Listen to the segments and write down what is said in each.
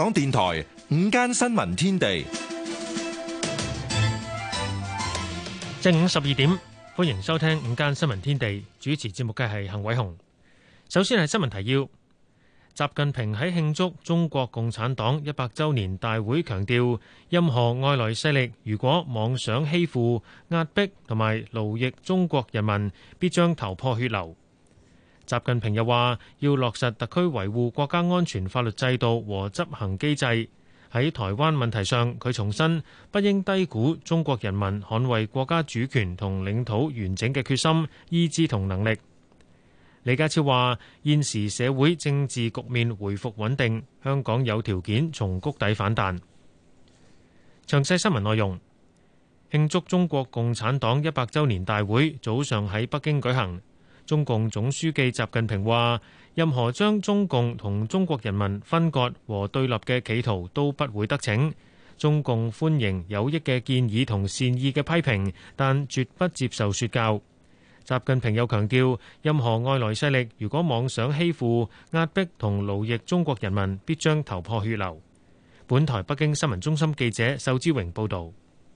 香港電台午間新聞天地，正午十二點，歡迎收聽午間新聞天地。主持節目嘅係幸偉雄。首先係新聞提要：習近平喺慶祝中國共產黨一百周年大會強調，任何外來勢力如果妄想欺負、壓迫同埋奴役中國人民，必將頭破血流。習近平又話：要落實特區維護國家安全法律制度和執行機制。喺台灣問題上，佢重申，不應低估中國人民捍衛國家主權同領土完整嘅決心、意志同能力。李家超話：現時社會政治局面回復穩定，香港有條件從谷底反彈。詳細新聞內容，慶祝中國共產黨一百週年大會早上喺北京舉行。中共總書記習近平話：任何將中共同中國人民分割和對立嘅企圖都不會得逞。中共歡迎有益嘅建議同善意嘅批評，但絕不接受説教。習近平又強調，任何外來勢力如果妄想欺負、壓迫同奴役中國人民，必將頭破血流。本台北京新聞中心記者秀之榮報道。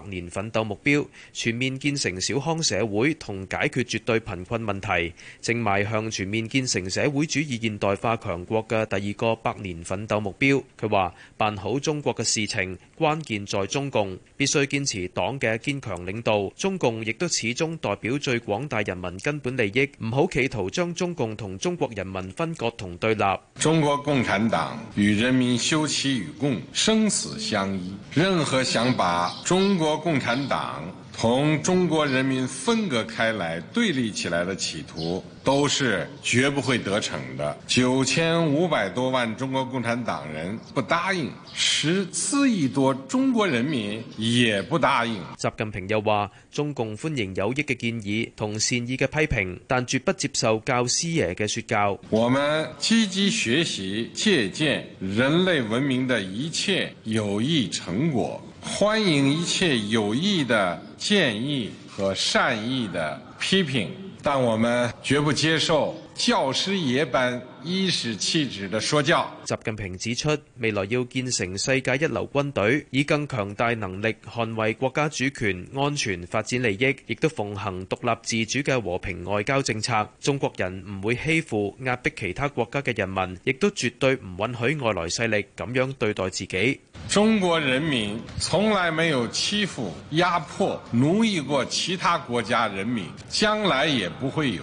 百年奮鬥目標，全面建成小康社會同解決絕對貧困問題，正邁向全面建成社會主義現代化強國嘅第二個百年奮鬥目標。佢話：辦好中國嘅事情，關鍵在中共，必須堅持黨嘅堅強領導。中共亦都始終代表最廣大人民根本利益，唔好企圖將中共同中國人民分割同對立。中國共產黨與人民休戚與共，生死相依，任何想把中國中國共產黨同中國人民分隔開來、對立起來的企圖，都是絕不會得逞的。九千五百多萬中國共產黨人不答應，十四億多中國人民也不答應。習近平又話：中共歡迎有益嘅建議同善意嘅批評，但絕不接受教師爺嘅說教。我們積極學習借鑒人類文明的一切有益成果。歡迎一切有益的建議和善意的批評，但我們絕不接受教師爺般頤指氣使的說教。習近平指出，未來要建成世界一流軍隊，以更強大能力捍衛國家主權、安全、發展利益，亦都奉行獨立自主嘅和平外交政策。中國人唔會欺負、壓迫其他國家嘅人民，亦都絕對唔允許外來勢力咁樣對待自己。中國人民從來沒有欺負、壓迫、奴役過其他國家人民，將來也不會有。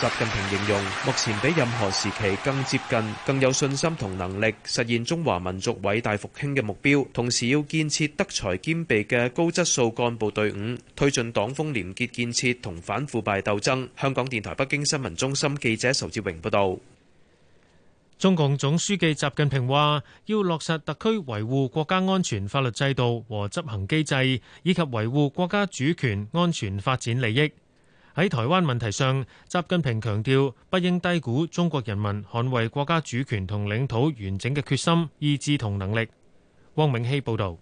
習近平形容，目前比任何時期更接近、更有信心同能力實現中華民族偉大復興嘅目標，同時要建設德才兼備嘅高質素幹部隊伍，推進黨風廉政建設同反腐敗鬥爭。香港電台北京新聞中心記者仇志榮報道。中共總書記習近平話，要落實特區維護國家安全法律制度和執行機制，以及維護國家主權、安全、發展利益。喺台灣問題上，習近平強調，不應低估中國人民捍衛國家主權同領土完整嘅決心、意志同能力。汪永熙報導。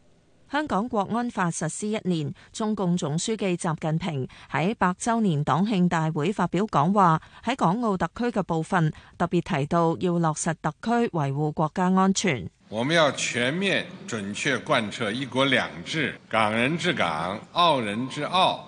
香港國安法實施一年，中共總書記習近平喺百周年黨慶大會發表講話，喺港澳特區嘅部分特別提到要落實特區維護國家安全。我們要全面準確貫徹一國兩制，港人治港，澳人治澳，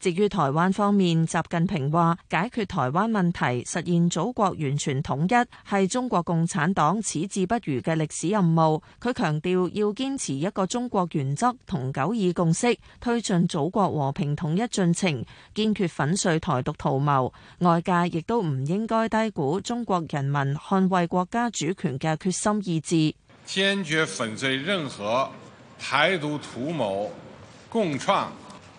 至於台灣方面，習近平話解決台灣問題、實現祖國完全統一係中國共產黨矢志不渝嘅歷史任務。佢強調要堅持一個中國原則同九二共識，推進祖國和平統一進程，堅決粉碎台獨圖謀。外界亦都唔應該低估中國人民捍衛國家主權嘅決心意志，堅決粉碎任何台獨圖謀，共創。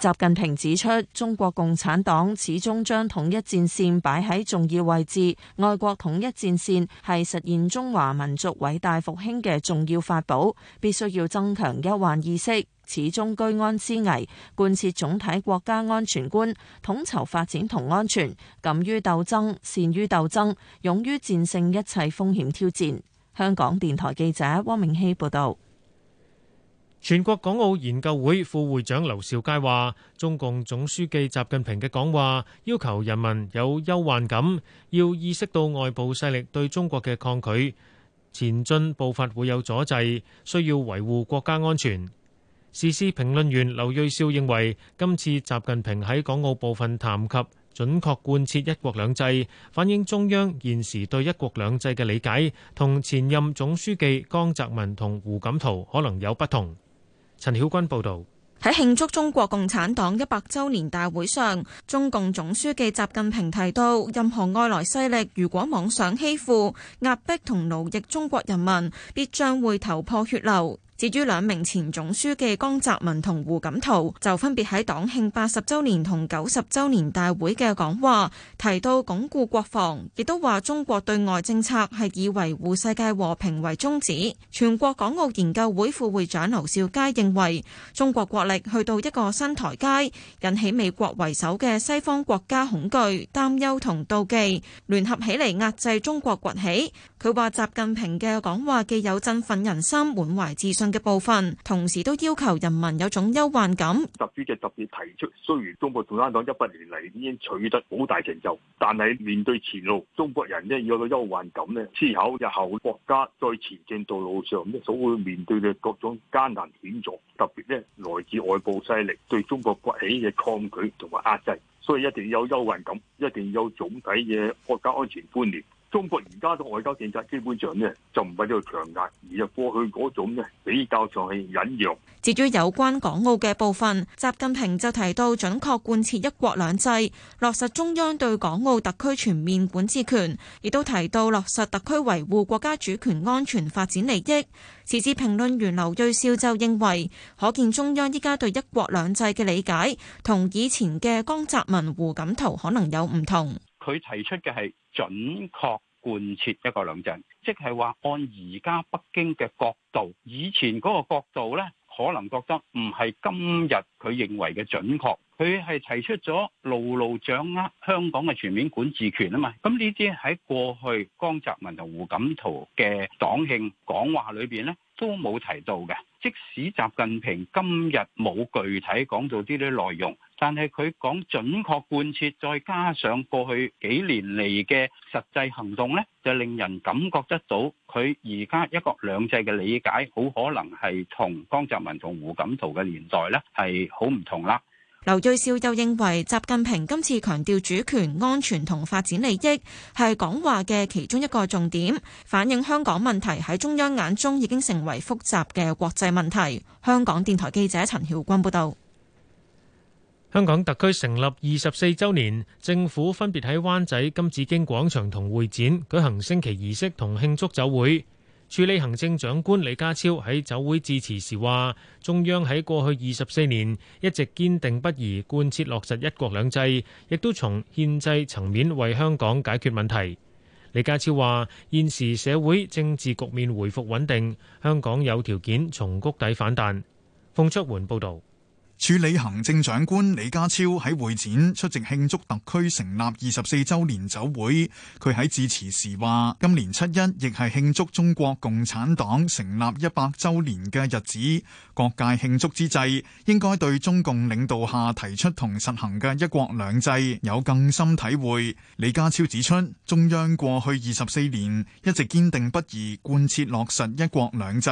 習近平指出，中國共產黨始終將統一戰線擺喺重要位置，愛國統一戰線係實現中華民族偉大復興嘅重要法寶，必須要增強憂患意識，始終居安思危，貫徹總體國家安全觀，統籌發展同安全，敢於鬥爭，善於鬥爭，勇於戰勝一切風險挑戰。香港電台記者汪明熙報道。全國港澳研究會副會長劉兆佳話，中共總書記習近平嘅講話要求人民有憂患感，要意識到外部勢力對中國嘅抗拒，前進步伐會有阻滯，需要維護國家安全。時事評論員劉瑞兆認為，今次習近平喺港澳部分談及準確貫徹一國兩制，反映中央現時對一國兩制嘅理解同前任總書記江澤民同胡錦濤可能有不同。陳曉君報道：喺慶祝中國共產黨一百周年大會上，中共總書記習近平提到，任何外來勢力如果妄想欺負、壓迫同奴役中國人民，必將會頭破血流。至於兩名前總書記江澤民同胡錦濤，就分別喺黨慶八十周年同九十周年大會嘅講話，提到鞏固國防，亦都話中國對外政策係以維護世界和平為宗旨。全國港澳研究會副會長劉兆佳認為，中國國力去到一個新台階，引起美國為首嘅西方國家恐懼、擔憂同妒忌，聯合起嚟壓制中國崛起。佢話習近平嘅講話既有振奮人心、滿懷自信嘅部分，同時都要求人民有種憂患感。習主席特別提出，雖然中國共產黨一百年嚟已經取得好大成就，但係面對前路，中國人呢要有憂患感呢，思考日後國家在前進道路上呢所會面對嘅各種艱難險阻，特別呢來自外部勢力對中國崛起嘅抗拒同埋壓制，所以一定要有憂患感，一定要有總體嘅國家安全觀念。中國而家嘅外交政策基本上呢，就唔係喺度強壓，而係過去嗰種呢比較上係隱約。至於有關港澳嘅部分，習近平就提到準確貫徹一國兩制，落實中央對港澳特區全面管治權，亦都提到落實特區維護國家主權、安全、發展利益。時事評論員劉銳紹就認為，可見中央依家對一國兩制嘅理解，同以前嘅江澤民、胡錦濤可能有唔同。佢提出嘅係準確貫徹一國兩制，即係話按而家北京嘅角度，以前嗰個角度咧，可能覺得唔係今日佢認為嘅準確，佢係提出咗牢牢掌握香港嘅全面管治權啊嘛。咁呢啲喺過去江澤民同胡錦濤嘅黨慶講話裏邊咧，都冇提到嘅。即使習近平今日冇具體講到呢啲內容。但係佢講準確貫徹，再加上過去幾年嚟嘅實際行動呢，就令人感覺得到佢而家一國兩制嘅理解，好可能係同江澤民同胡錦濤嘅年代呢係好唔同啦。劉瑞兆又認為，習近平今次強調主權、安全同發展利益係講話嘅其中一個重點，反映香港問題喺中央眼中已經成為複雜嘅國際問題。香港電台記者陳曉君報導。香港特區成立二十四週年，政府分別喺灣仔金紫荊廣場同會展舉行升旗儀式同慶祝酒會。署理行政長官李家超喺酒會致辭時話：中央喺過去二十四年一直堅定不移貫徹落實一國兩制，亦都從憲制層面為香港解決問題。李家超話：現時社會政治局面回復穩定，香港有條件從谷底反彈。馮卓桓報導。署理行政長官李家超喺會展出席慶祝特區成立二十四周年酒會，佢喺致辭時話：今年七一亦係慶祝中國共產黨成立一百周年嘅日子，各界慶祝之際，應該對中共領導下提出同實行嘅一國兩制有更深體會。李家超指出，中央過去二十四年一直堅定不移貫徹落實一國兩制，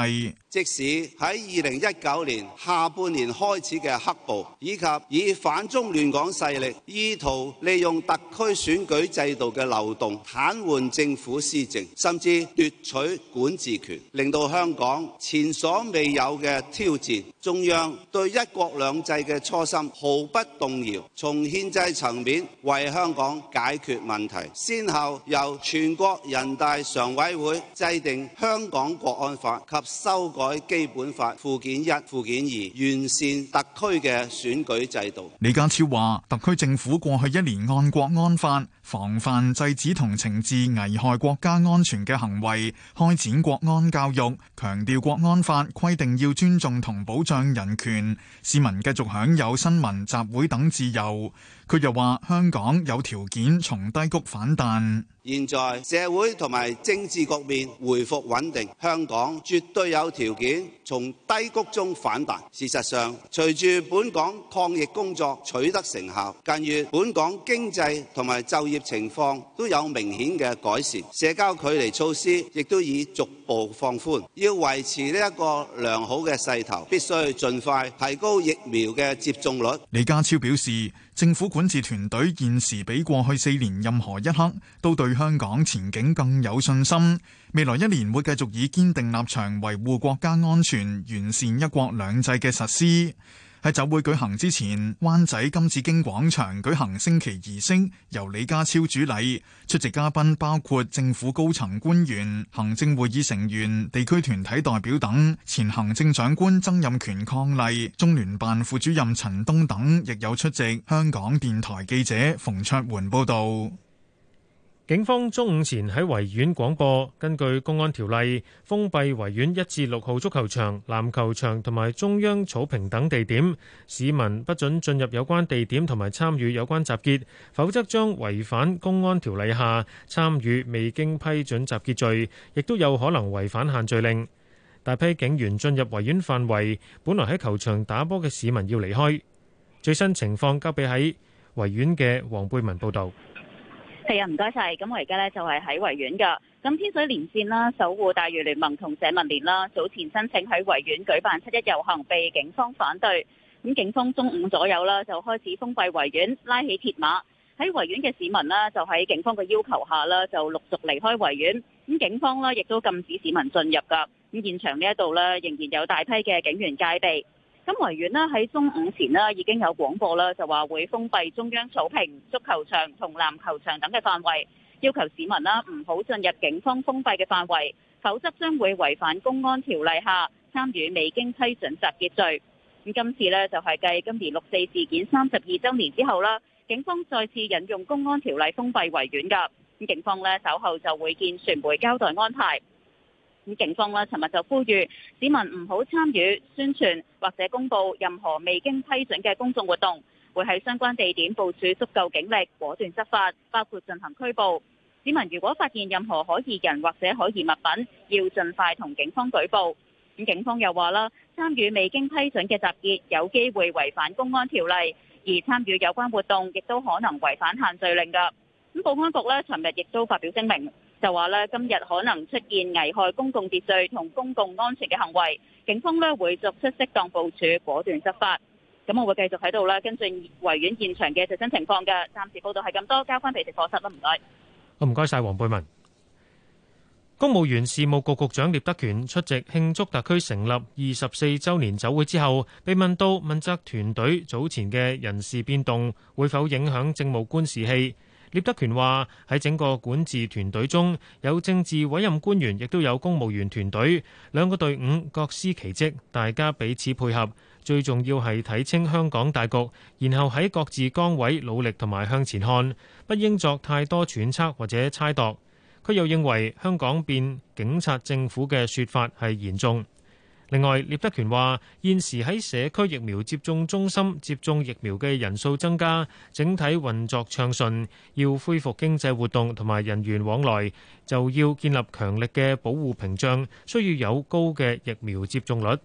即使喺二零一九年下半年開始嘅。黑暴，以及以反中亂港勢力，意圖利用特區選舉制度嘅漏洞，癱瘓政府施政，甚至奪取管治權，令到香港前所未有嘅挑戰。中央對一國兩制嘅初心毫不動搖，從憲制層面為香港解決問題。先後由全國人大常委會制定香港國安法及修改基本法附件一、附件二，完善特區嘅選舉制度。李家超話，特區政府過去一年按國安法。防範制止同懲治危害國家安全嘅行為，開展國安教育，強調國安法規定要尊重同保障人權，市民繼續享有新聞、集會等自由。佢又話：香港有條件從低谷反彈。現在社會同埋政治局面恢復穩定，香港絕對有條件從低谷中反彈。事實上，隨住本港抗疫工作取得成效，近月本港經濟同埋就業情況都有明顯嘅改善，社交距離措施亦都已逐步放寬。要維持呢一個良好嘅勢頭，必須盡快提高疫苗嘅接種率。李家超表示。政府管治團隊現時比過去四年任何一刻都對香港前景更有信心，未來一年會繼續以堅定立場維護國家安全，完善一國兩制嘅實施。喺酒會舉行之前，灣仔金紫荊廣場舉行升旗儀式，由李家超主禮。出席嘉賓包括政府高層官員、行政會議成員、地區團體代表等。前行政長官曾蔭權伉儷，中聯辦副主任陳東等亦有出席。香港電台記者馮卓桓報導。警方中午前喺維園廣播，根據公安條例，封閉維園一至六號足球場、籃球場同埋中央草坪等地點，市民不准進入有關地點同埋參與有關集結，否則將違反公安條例下參與未經批准集結罪，亦都有可能違反限聚令。大批警員進入維園範圍，本來喺球場打波嘅市民要離開。最新情況交俾喺維園嘅黃貝文報導。係啊，唔該晒。咁我而家咧，就係喺維園噶。咁天水連線啦，守護大嶼聯盟同社民聯啦，早前申請喺維園舉辦七一遊行，被警方反對。咁警方中午左右啦，就開始封閉維園，拉起鐵馬。喺維園嘅市民啦，就喺警方嘅要求下啦，就陸續離開維園。咁警方啦，亦都禁止市民進入噶。咁現場呢一度咧，仍然有大批嘅警員戒備。咁維園咧喺中午前咧已經有廣播啦，就話會封閉中央草坪、足球場同籃球場等嘅範圍，要求市民啦唔好進入警方封閉嘅範圍，否則將會違反公安條例下參與未經批准集結罪。咁今次咧就係繼今年六四事件三十二週年之後啦，警方再次引用公安條例封閉維園噶。咁警方咧稍後就會見傳媒交代安排。咁警方咧，尋日就呼籲市民唔好參與宣傳或者公佈任何未經批准嘅公眾活動，會喺相關地點部署足夠警力，果斷執法，包括進行拘捕。市民如果發現任何可疑人或者可疑物品，要盡快同警方舉報。咁警方又話啦，參與未經批准嘅集結，有機會違反公安條例；而參與有關活動，亦都可能違反限聚令㗎。咁保安局咧，尋日亦都發表聲明。就話咧，今日可能出現危害公共秩序同公共安全嘅行為，警方咧會作出適當部署，果斷執法。咁我會繼續喺度咧跟進維園現場嘅最新情況嘅，暫時報道係咁多，交翻俾直播室啦，唔該。好，唔該晒。黃貝文。公務員事務局局長聶德權出席慶祝特區成立二十四週年酒會之後，被問到問責團隊早前嘅人事變動會否影響政務官士氣。聶德權話：喺整個管治團隊中有政治委任官員，亦都有公務員團隊，兩個隊伍各司其職，大家彼此配合。最重要係睇清香港大局，然後喺各自崗位努力同埋向前看，不應作太多揣測或者猜度。佢又認為香港變警察政府嘅說法係嚴重。另外，聶德權話：現時喺社區疫苗接種中心接種疫苗嘅人數增加，整體運作暢順。要恢復經濟活動同埋人員往來，就要建立強力嘅保護屏障，需要有高嘅疫苗接種率。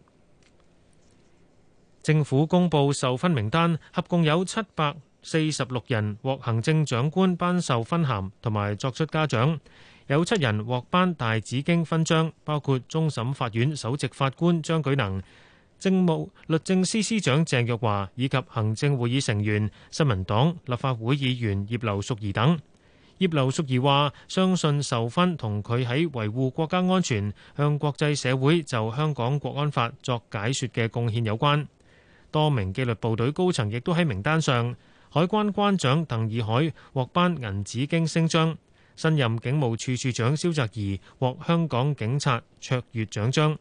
政府公布授勳名單，合共有七百四十六人獲行政長官頒授勳銜，同埋作出嘉獎。有七人獲頒大紫荊勳章，包括終審法院首席法官張舉能、政務律政司司長鄭玉華以及行政會議成員、新民黨立法會議員葉劉淑儀等。葉劉淑儀話：相信受勳同佢喺維護國家安全、向國際社會就香港國安法作解說嘅貢獻有關。多名紀律部隊高層亦都喺名單上，海關關長鄧以海獲頒銀紫荊星章。新任警務處處長蕭澤頤獲香港警察卓越獎章，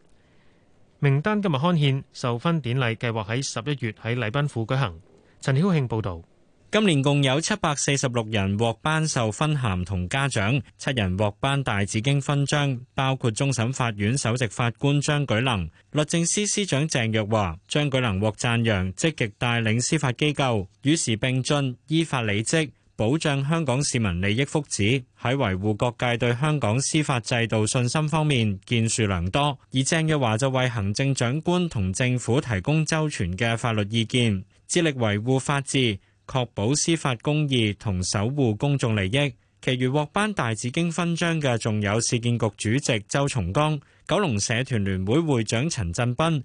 名單今日刊憲，授勳典禮計劃喺十一月喺禮賓府舉行。陳曉慶報道，今年共有七百四十六人獲頒授勳銜同嘉獎，七人獲頒大紫荊勳章，包括終審法院首席法官張舉能、律政司司長鄭若驊。張舉能獲讚揚，積極帶領司法機構與時並進，依法履職。保障香港市民利益福祉，喺維護各界對香港司法制度信心方面建樹良多。而鄭若驊就為行政長官同政府提供周全嘅法律意見，致力維護法治，確保司法公義同守護公眾利益。其餘獲頒大紫荊勳章嘅，仲有市建局主席周松崗、九龍社團聯會會長陳振斌。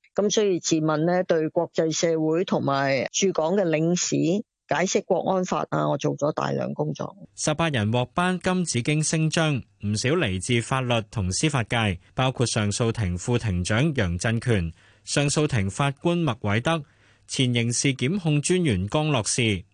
咁所以自問呢，對國際社會同埋駐港嘅領事解釋國安法啊，我做咗大量工作。十八人獲頒金紫荊星章，唔少嚟自法律同司法界，包括上訴庭副庭長楊振權、上訴庭法官麥偉德、前刑事檢控專員江樂士。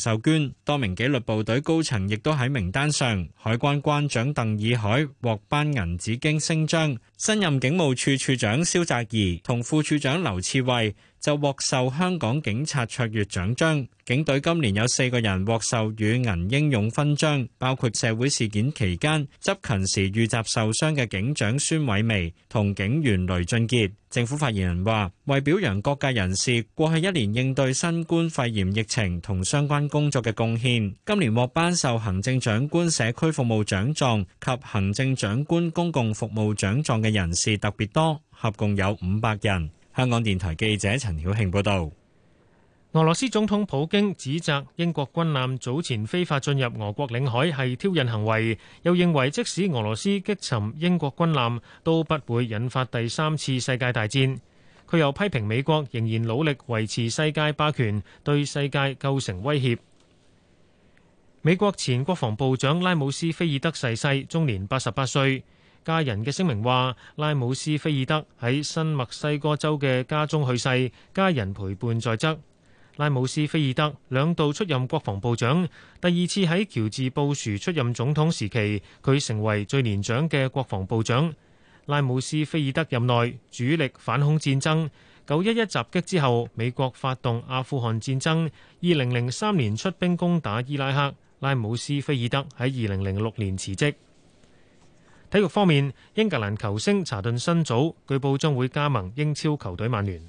受捐多名紀律部隊高層亦都喺名單上，海關關長鄧以海獲頒銀紫荊星章，新任警務處處長蕭澤頤同副處長劉賜蕙。就獲授香港警察卓越獎章。警隊今年有四個人獲授與銀英勇勳章，包括社會事件期間執勤時遇襲受傷嘅警長孫偉薇同警員雷俊傑。政府發言人話，為表揚各界人士過去一年應對新冠肺炎疫情同相關工作嘅貢獻，今年獲頒授行政長官社區服務獎狀及行政長官公共服務獎狀嘅人士特別多，合共有香港電台記者陳曉慶報道，俄羅斯總統普京指責英國軍艦早前非法進入俄國領海係挑釁行為，又認為即使俄羅斯擊沉英國軍艦，都不會引發第三次世界大戰。佢又批評美國仍然努力維持世界霸權，對世界構成威脅。美國前國防部長拉姆斯菲爾德逝世，世，終年八十八歲。家人嘅聲明話：拉姆斯菲爾德喺新墨西哥州嘅家中去世，家人陪伴在側。拉姆斯菲爾德兩度出任國防部長，第二次喺喬治布殊出任總統時期，佢成為最年長嘅國防部長。拉姆斯菲爾德任內主力反恐戰爭，九一一襲擊之後，美國發動阿富汗戰爭，二零零三年出兵攻打伊拉克。拉姆斯菲爾德喺二零零六年辭職。體育方面，英格蘭球星查頓新組據報將會加盟英超球隊曼聯。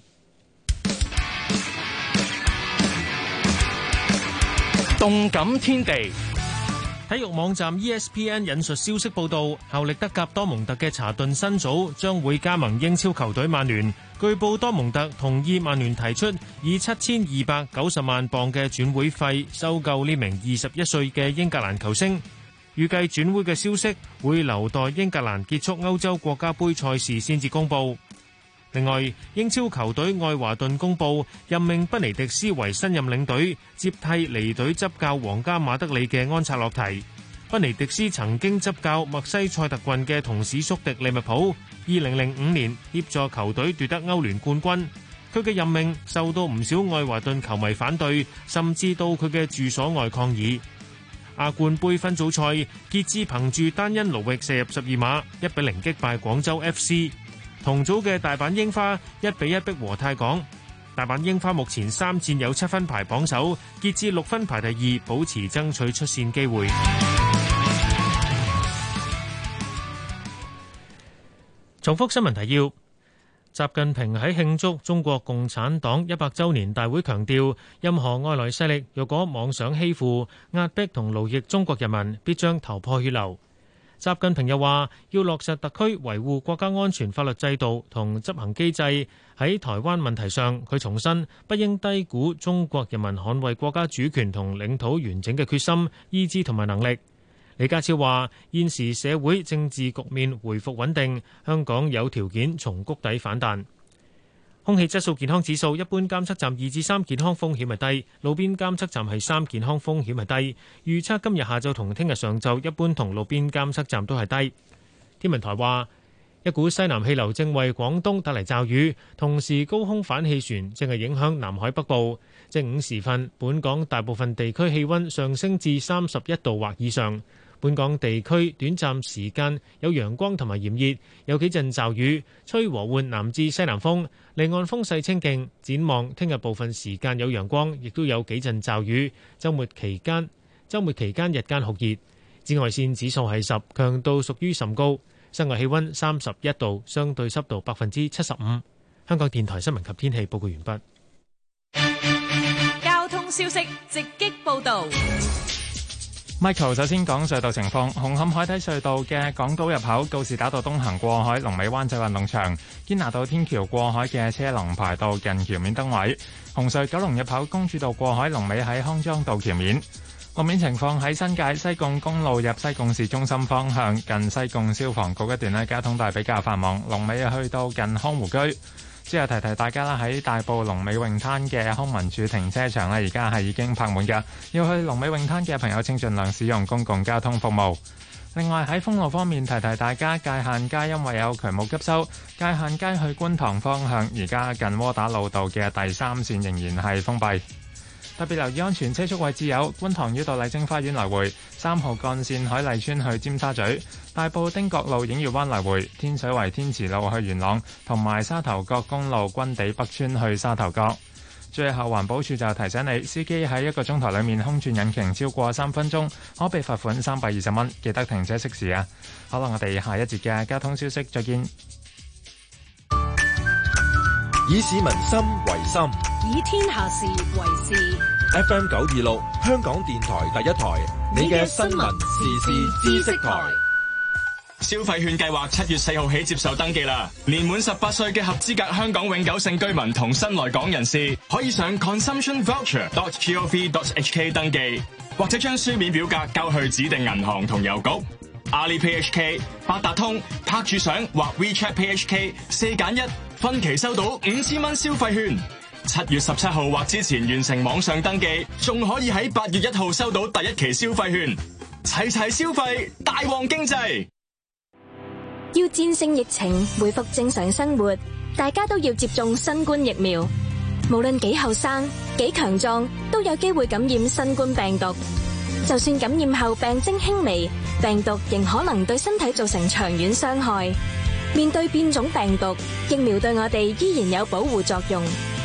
動感天地，體育網站 ESPN 引述消息報道，效力德甲多蒙特嘅查頓新組將會加盟英超球隊曼聯。據報多蒙特同意曼聯提出以七千二百九十萬鎊嘅轉會費收購呢名二十一歲嘅英格蘭球星。預計轉會嘅消息會留待英格蘭結束歐洲國家杯賽事先至公佈。另外，英超球隊愛華頓公佈任命賓尼迪斯為新任領隊，接替離隊執教皇家馬德里嘅安察洛提。賓尼迪斯曾經執教墨西塞特郡嘅同市宿敵利物浦，二零零五年協助球隊奪得歐聯冠軍。佢嘅任命受到唔少愛華頓球迷反對，甚至到佢嘅住所外抗議。亞冠杯分組賽，傑志憑住單因奴域射入十二碼，一比零擊敗廣州 FC。同組嘅大阪櫻花一比一逼和泰港。大阪櫻花目前三戰有七分排榜首，傑志六分排第二，保持爭取出線機會。重複新聞提要。習近平喺慶祝中國共產黨一百周年大會強調，任何外來勢力若果妄想欺負、壓迫同奴役中國人民，必將頭破血流。習近平又話，要落實特區維護國家安全法律制度同執行機制。喺台灣問題上，佢重申不應低估中國人民捍衛國家主權同領土完整嘅決心、意志同埋能力。李家超話：現時社會政治局面恢復穩定，香港有條件從谷底反彈。空氣質素健康指數一般監測站二至三，健康風險係低，路邊監測站係三，健康風險係低。預測今日下晝同聽日上晝一般同路邊監測站都係低。天文台話，一股西南氣流正為廣東帶嚟驟雨，同時高空反氣旋正係影響南海北部。正午時分，本港大部分地區氣溫上升至三十一度或以上。本港地區短暫時間有陽光同埋炎熱，有幾陣驟雨，吹和緩南至西南風，離岸風勢清勁。展望聽日部分時間有陽光，亦都有幾陣驟雨。周末期間，周末期間日間酷熱，紫外線指數係十，強度屬於甚高。室外氣溫三十一度，相對濕度百分之七十五。香港電台新聞及天氣報告完畢。交通消息直擊報道。Michael 首先講隧道情況。紅磡海底隧道嘅港島入口告士打道東行過海，龍尾灣仔運動場；堅拿道天橋過海嘅車龍排到近橋面燈位。紅隧九龍入口公主道過海龍尾喺康莊道橋面。路面情況喺新界西貢公路入西貢市中心方向，近西貢消防局一段咧，交通大比較繁忙，龍尾去到近康湖居。之後提提大家啦，喺大埔龍尾泳灘嘅康文處停車場咧，而家係已經泊滿嘅。要去龍尾泳灘嘅朋友，請盡量使用公共交通服務。另外喺封路方面，提提大家，界限街因為有渠務急收，界限街去觀塘方向，而家近窩打老道嘅第三線仍然係封閉。特別留意安全車速位置，有觀塘繞道麗晶花園來回、三號幹線海麗村去尖沙咀、大埔汀角路影月灣來回、天水圍天慈路去元朗，同埋沙頭角公路軍地北村去沙頭角。最後環保署就提醒你，司機喺一個鐘頭裏面空轉引擎超過三分鐘，可被罰款三百二十蚊。記得停車熄匙啊！好啦，我哋下一節嘅交通消息再見。以市民心為心。以天下事業為事。FM 九二六，香港電台第一台，你嘅新聞時事知識台。消費券計劃七月四號起接受登記啦。年滿十八歲嘅合資格香港永久性居民同新來港人士，可以上 consumptionvoucher.gov.hk 登記，或者將書面表格交去指定銀行同郵局。AlipayHK、八達通、拍住賞或 WeChat Pay HK 四揀一分期收到五千蚊消費券。七月十七號或之前完成網上登記，仲可以喺八月一號收到第一期消費券，齊齊消費，大旺經濟。要戰勝疫情，恢復正常生活，大家都要接種新冠疫苗。無論幾後生，幾強壯，都有機會感染新冠病毒。就算感染後病徵輕微，病毒仍可能對身體造成長遠傷害。面對變種病毒，疫苗對我哋依然有保護作用。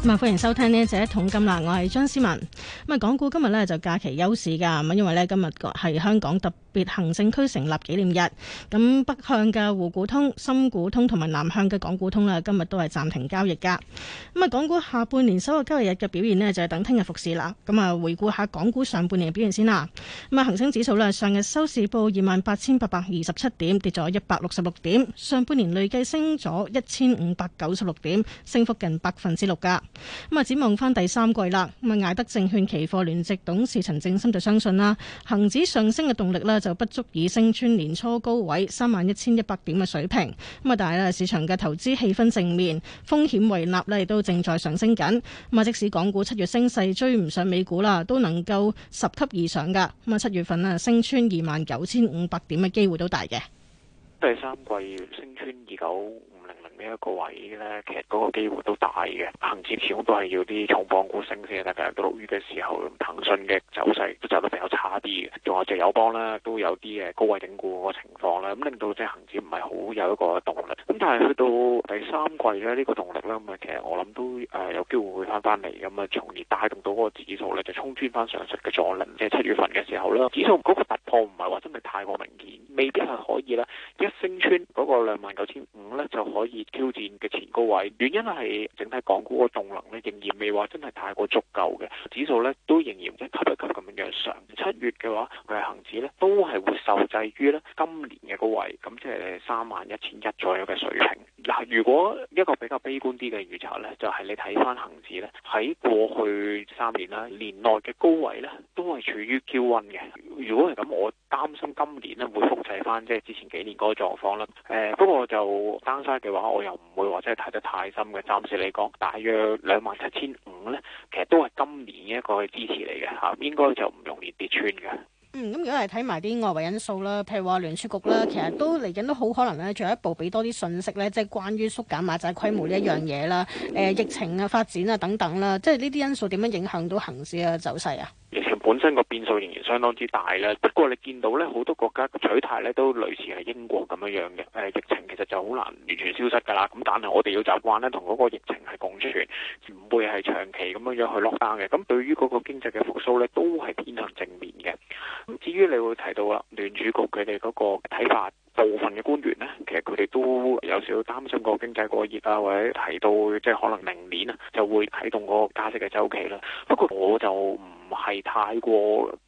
咁啊，歡迎收聽呢就一桶金啦，我係張思文。咁啊，港股今日咧就假期休市噶，咁因為咧今日係香港特別行政區成立紀念日。咁北向嘅滬股通、深股通同埋南向嘅港股通啦，今日都係暫停交易噶。咁啊，港股下半年首個交易日嘅表現呢，就係等聽日復市啦。咁啊，回顧下港股上半年嘅表現先啦。咁啊，恒生指數咧上日收市報二萬八千八百二十七點，跌咗一百六十六點，上半年累計升咗一千五百九十六點，升幅近百分之六噶。咁啊，展望翻第三季啦。咁啊，艾德證券期貨聯席董事陳正深就相信啦，恒指上升嘅動力呢，就不足以升穿年初高位三萬一千一百點嘅水平。咁啊，但係咧，市場嘅投資氣氛正面，風險胃納呢，亦都正在上升緊。咁啊，即使港股七月升勢追唔上美股啦，都能夠拾級而上噶。咁啊，七月份啊，升穿二萬九千五百點嘅機會都大嘅。第三季升穿二九。呢一個位咧，其實嗰個機會都大嘅。恆指始終都係要啲重磅股升先得嘅。譬如到六月嘅時候，騰訊嘅走勢都走得比較差啲嘅，仲有即友邦咧都有啲嘅高位頂固個情況啦。咁令到即恆指唔係好有一個動力。咁但係去到第三季咧，呢、這個動力咧咁啊，其實我諗都誒有機會會翻翻嚟咁啊，從而帶動到嗰個指數咧就衝穿翻上述嘅阻力。即係七月份嘅時候啦，指數嗰個突破唔係話真係太過明顯，未必係可以啦，一升穿嗰個兩萬九千五咧就可以。挑戰嘅前高位，原因係整體港股個動能咧仍然未話真係太過足夠嘅，指數咧都仍然一級一級咁樣上。七月嘅話，佢係恒指咧都係會受制於咧今年嘅高位，咁即係三萬一千一左右嘅水平。嗱，如果一個比較悲觀啲嘅預測咧，就係、是、你睇翻恒指咧喺過去三年啦，年內嘅高位咧都係處於 Q1 嘅。如果係咁，我擔心今年咧會復製翻即係之前幾年嗰個狀況啦。誒、呃，不過就擔曬嘅話，我又唔會話真係睇得太深嘅，暫時嚟講，大約兩萬七千五咧，其實都係今年一個支持嚟嘅嚇，應該就唔容易跌穿嘅。嗯，咁如果係睇埋啲外圍因素啦，譬如話聯儲局啦，嗯、其實都嚟緊都好可能咧，進一步俾多啲訊息咧，即係關於縮減買債規模呢一樣嘢啦。誒、嗯呃，疫情啊、發展啊等等啦，即係呢啲因素點樣影響到恆指嘅走勢啊？本身個變數仍然相當之大啦，不過你見到咧，好多國家取態咧都類似係英國咁樣樣嘅，誒、呃、疫情其實就好難完全消失㗎啦，咁但係我哋要習慣呢，同嗰個疫情係共存，唔會係長期咁樣樣去 lockdown 嘅。咁對於嗰個經濟嘅復甦呢，都係偏向正面嘅。咁至於你會提到啦，聯儲局佢哋嗰個睇法。部分嘅官員呢，其實佢哋都有少少擔心過經濟過熱啊，或者提到即係可能明年啊，就會啟動嗰個加息嘅週期啦。不過我就唔係太過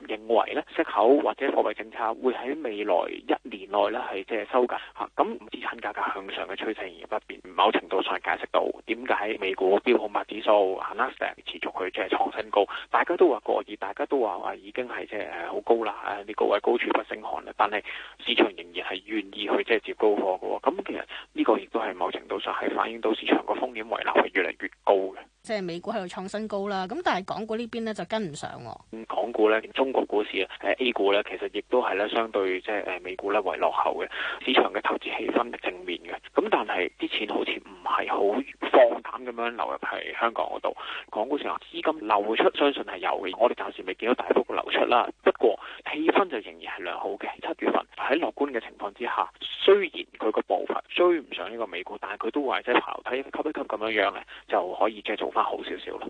認為呢，息口或者貨幣政策會喺未來一年內呢係即係收緊嚇。咁、啊、資產價格向上嘅趨勢而然不變，某程度上解釋到點解美股標普指數恒生指持續去即係創新高。大家都話過熱，大家都話話已經係即係好高啦。誒，你高位高處不勝寒啦。但係市場仍然係越願意去即係接高貨嘅，咁其實呢個亦都係某程度上係反映到市場個風險胃納係越嚟越高嘅。即係美股喺度創新高啦，咁但係港股呢，呢邊呢就跟唔上喎。嗯，港股呢，中國股市啊，誒 A 股呢其實亦都係咧相對即係誒美股咧為落後嘅。市場嘅投資氣氛係正面嘅，咁但係啲錢好似唔係好放膽咁樣流入喺香港嗰度。港股市場資金流出，相信係有嘅。我哋暫時未見到大幅流出啦，不過。氣氛就仍然係良好嘅，七月份喺樂觀嘅情況之下，雖然佢個步伐追唔上呢個美股，但係佢都話即係爬樓梯一級一級咁樣樣嘅，就可以即係做翻好少少咯。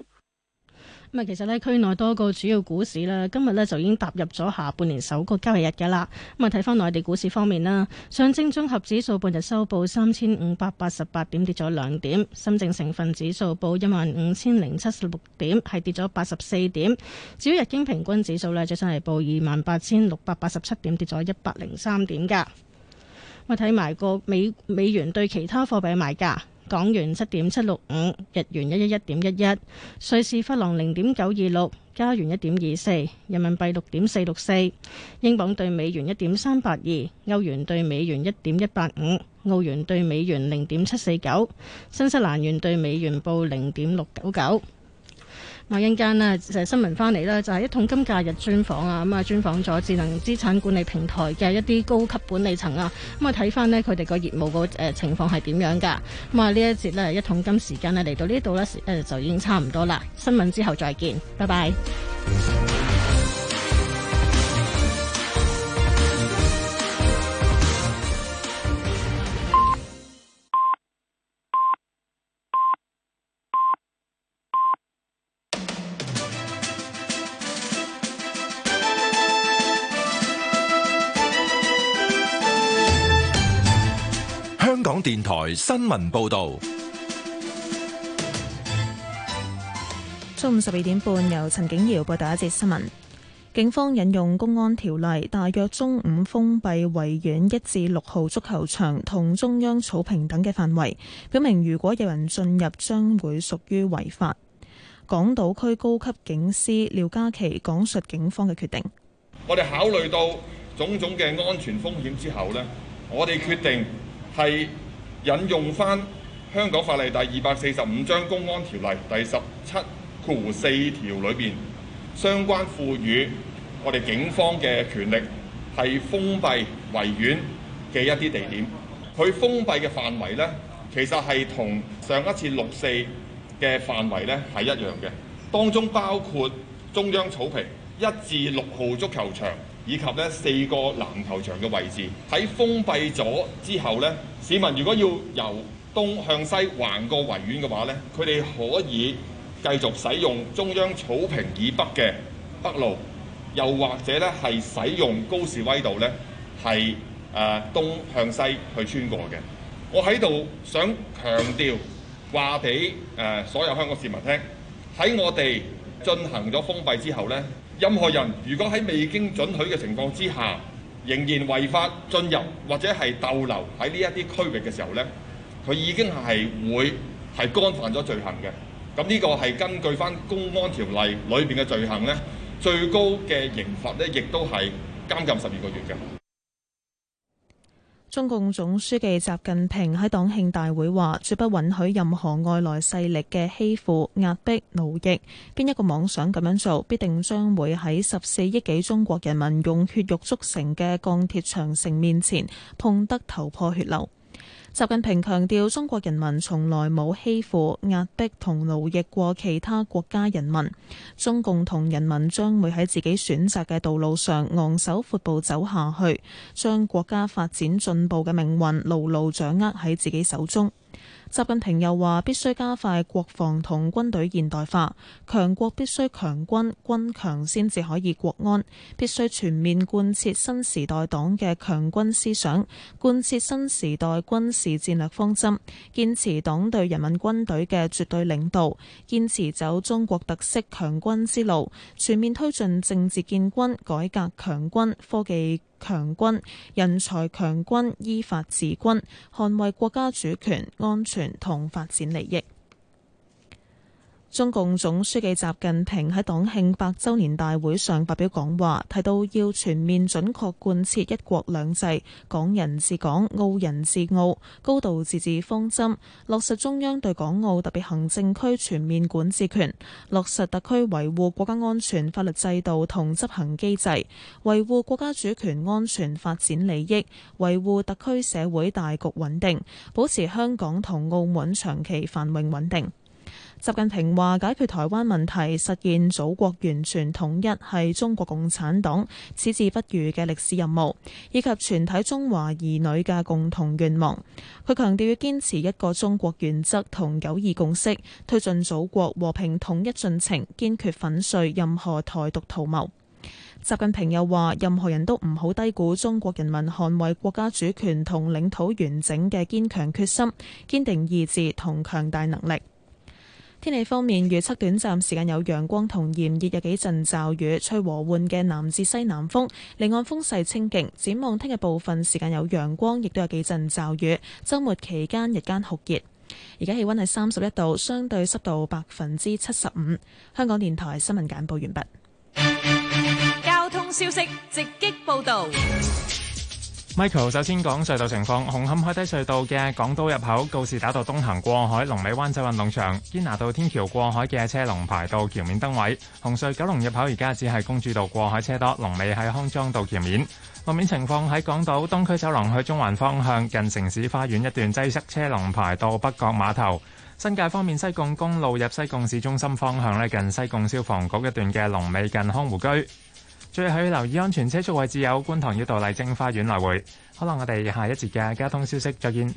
咁其實呢區內多個主要股市咧，今日呢就已經踏入咗下半年首個交易日嘅啦。咁啊，睇返內地股市方面啦，上證綜合指數半日收報三千五百八十八點，跌咗兩點；深證成分指數報一萬五千零七十六點，係跌咗八十四點；至於日經平均指數呢，最新係報二萬八千六百八十七點，跌咗一百零三點噶。我睇埋個美美元對其他貨幣賣價。港元七點七六五，日元一一一點一一，瑞士法郎零點九二六，加元一點二四，人民幣六點四六四，英鎊兌美元一點三八二，歐元兌美元一點一八五，澳元兌美元零點七四九，新西蘭元兌美元報零點六九九。咁啊，一間呢，就係新聞翻嚟啦，就係一桶金假日專訪啊，咁啊，專訪咗智能資產管理平台嘅一啲高級管理層啊，咁啊，睇翻呢，佢哋個業務個誒情況係點樣噶，咁啊，呢一節呢，一桶金時間呢嚟到呢度呢，誒就已經差唔多啦，新聞之後再見，拜拜。電台新聞報道，中午十二點半由陳景堯報道一節新聞。警方引用公安條例，大約中午封閉維園一至六號足球場同中央草坪等嘅範圍，表明如果有人進入，將會屬於違法。港島區高級警司廖嘉琪講述警方嘅決定：我哋考慮到種種嘅安全風險之後呢，我哋決定係。引用翻香港法例第二百四十五章公安條例第十七括弧四條裏邊相關賦予我哋警方嘅權力，係封閉維園嘅一啲地點，佢封閉嘅範圍咧，其實係同上一次六四嘅範圍咧係一樣嘅，當中包括中央草坪一至六號足球場。以及咧四個籃球場嘅位置，喺封閉咗之後呢，市民如果要由東向西橫過維園嘅話呢，佢哋可以繼續使用中央草坪以北嘅北路，又或者呢係使用高士威道呢係誒東向西去穿過嘅。我喺度想強調話俾誒所有香港市民聽，喺我哋進行咗封閉之後呢。任何人如果喺未經准許嘅情況之下，仍然違法進入或者係逗留喺呢一啲區域嘅時候呢，佢已經係會係干犯咗罪行嘅。咁呢個係根據翻公安條例裏邊嘅罪行呢，最高嘅刑罰呢，亦都係監禁十二個月嘅。中共總書記習近平喺黨慶大會話：絕不允許任何外來勢力嘅欺負、壓迫、奴役。邊一個妄想咁樣做，必定將會喺十四億幾中國人民用血肉築成嘅鋼鐵長城面前碰得頭破血流。習近平強調，中國人民從來冇欺負、壓迫同奴役過其他國家人民。中共同人民將會喺自己選擇嘅道路上昂首闊步走下去，將國家發展進步嘅命運牢牢掌握喺自己手中。習近平又話：必須加快國防同軍隊現代化，強國必須強軍，軍強先至可以國安。必須全面貫徹新時代黨嘅強軍思想，貫徹新時代軍事戰略方針，堅持黨對人民軍隊嘅絕對領導，堅持走中國特色強軍之路，全面推進政治建軍、改革強軍、科技強軍、人才強軍、依法治軍，捍衛國家主權安全。同發展利益。中共總書記習近平喺黨慶百周年大會上發表講話，提到要全面準確貫徹一國兩制、港人治港、澳人治澳、高度自治方針，落實中央對港澳特別行政區全面管治權，落實特區維護國家安全法律制度同執行機制，維護國家主權、安全、發展利益，維護特區社會大局穩定，保持香港同澳門長期繁榮穩定。習近平話：解決台灣問題、實現祖國完全統一，係中國共產黨矢志不渝嘅歷史任務，以及全體中華兒女嘅共同願望。佢強調要堅持一個中國原則同九二共識，推進祖國和平統一進程，堅決粉碎任何台獨圖謀。習近平又話：任何人都唔好低估中國人民捍衛國家主權同領土完整嘅堅強決心、堅定意志同強大能力。天氣方面，預測短暫時間有陽光同炎熱，有幾陣驟雨，吹和緩嘅南至西南風。離岸風勢清勁。展望聽日部分時間有陽光，亦都有幾陣驟雨。周末期間日間酷熱。而家氣溫係三十一度，相對濕度百分之七十五。香港電台新聞簡報完畢。交通消息直擊報道。Michael 首先講隧道情況，紅磡海底隧道嘅港島入口告士打道東行過海，龍尾灣仔運動場；堅拿道天橋過海嘅車龍排到橋面燈位。紅隧九龍入口而家只係公主道過海車多，龍尾喺康莊道橋面。路面情況喺港島東區走廊去中環方向，近城市花園一段擠塞車龍，車龍排到北角碼頭。新界方面，西貢公路入西貢市中心方向咧，近西貢消防局一段嘅龍尾近康湖居。最後要留意安全車速位置，有觀塘繞道麗晶花園來回。好啦，我哋下一節嘅交通消息，再見。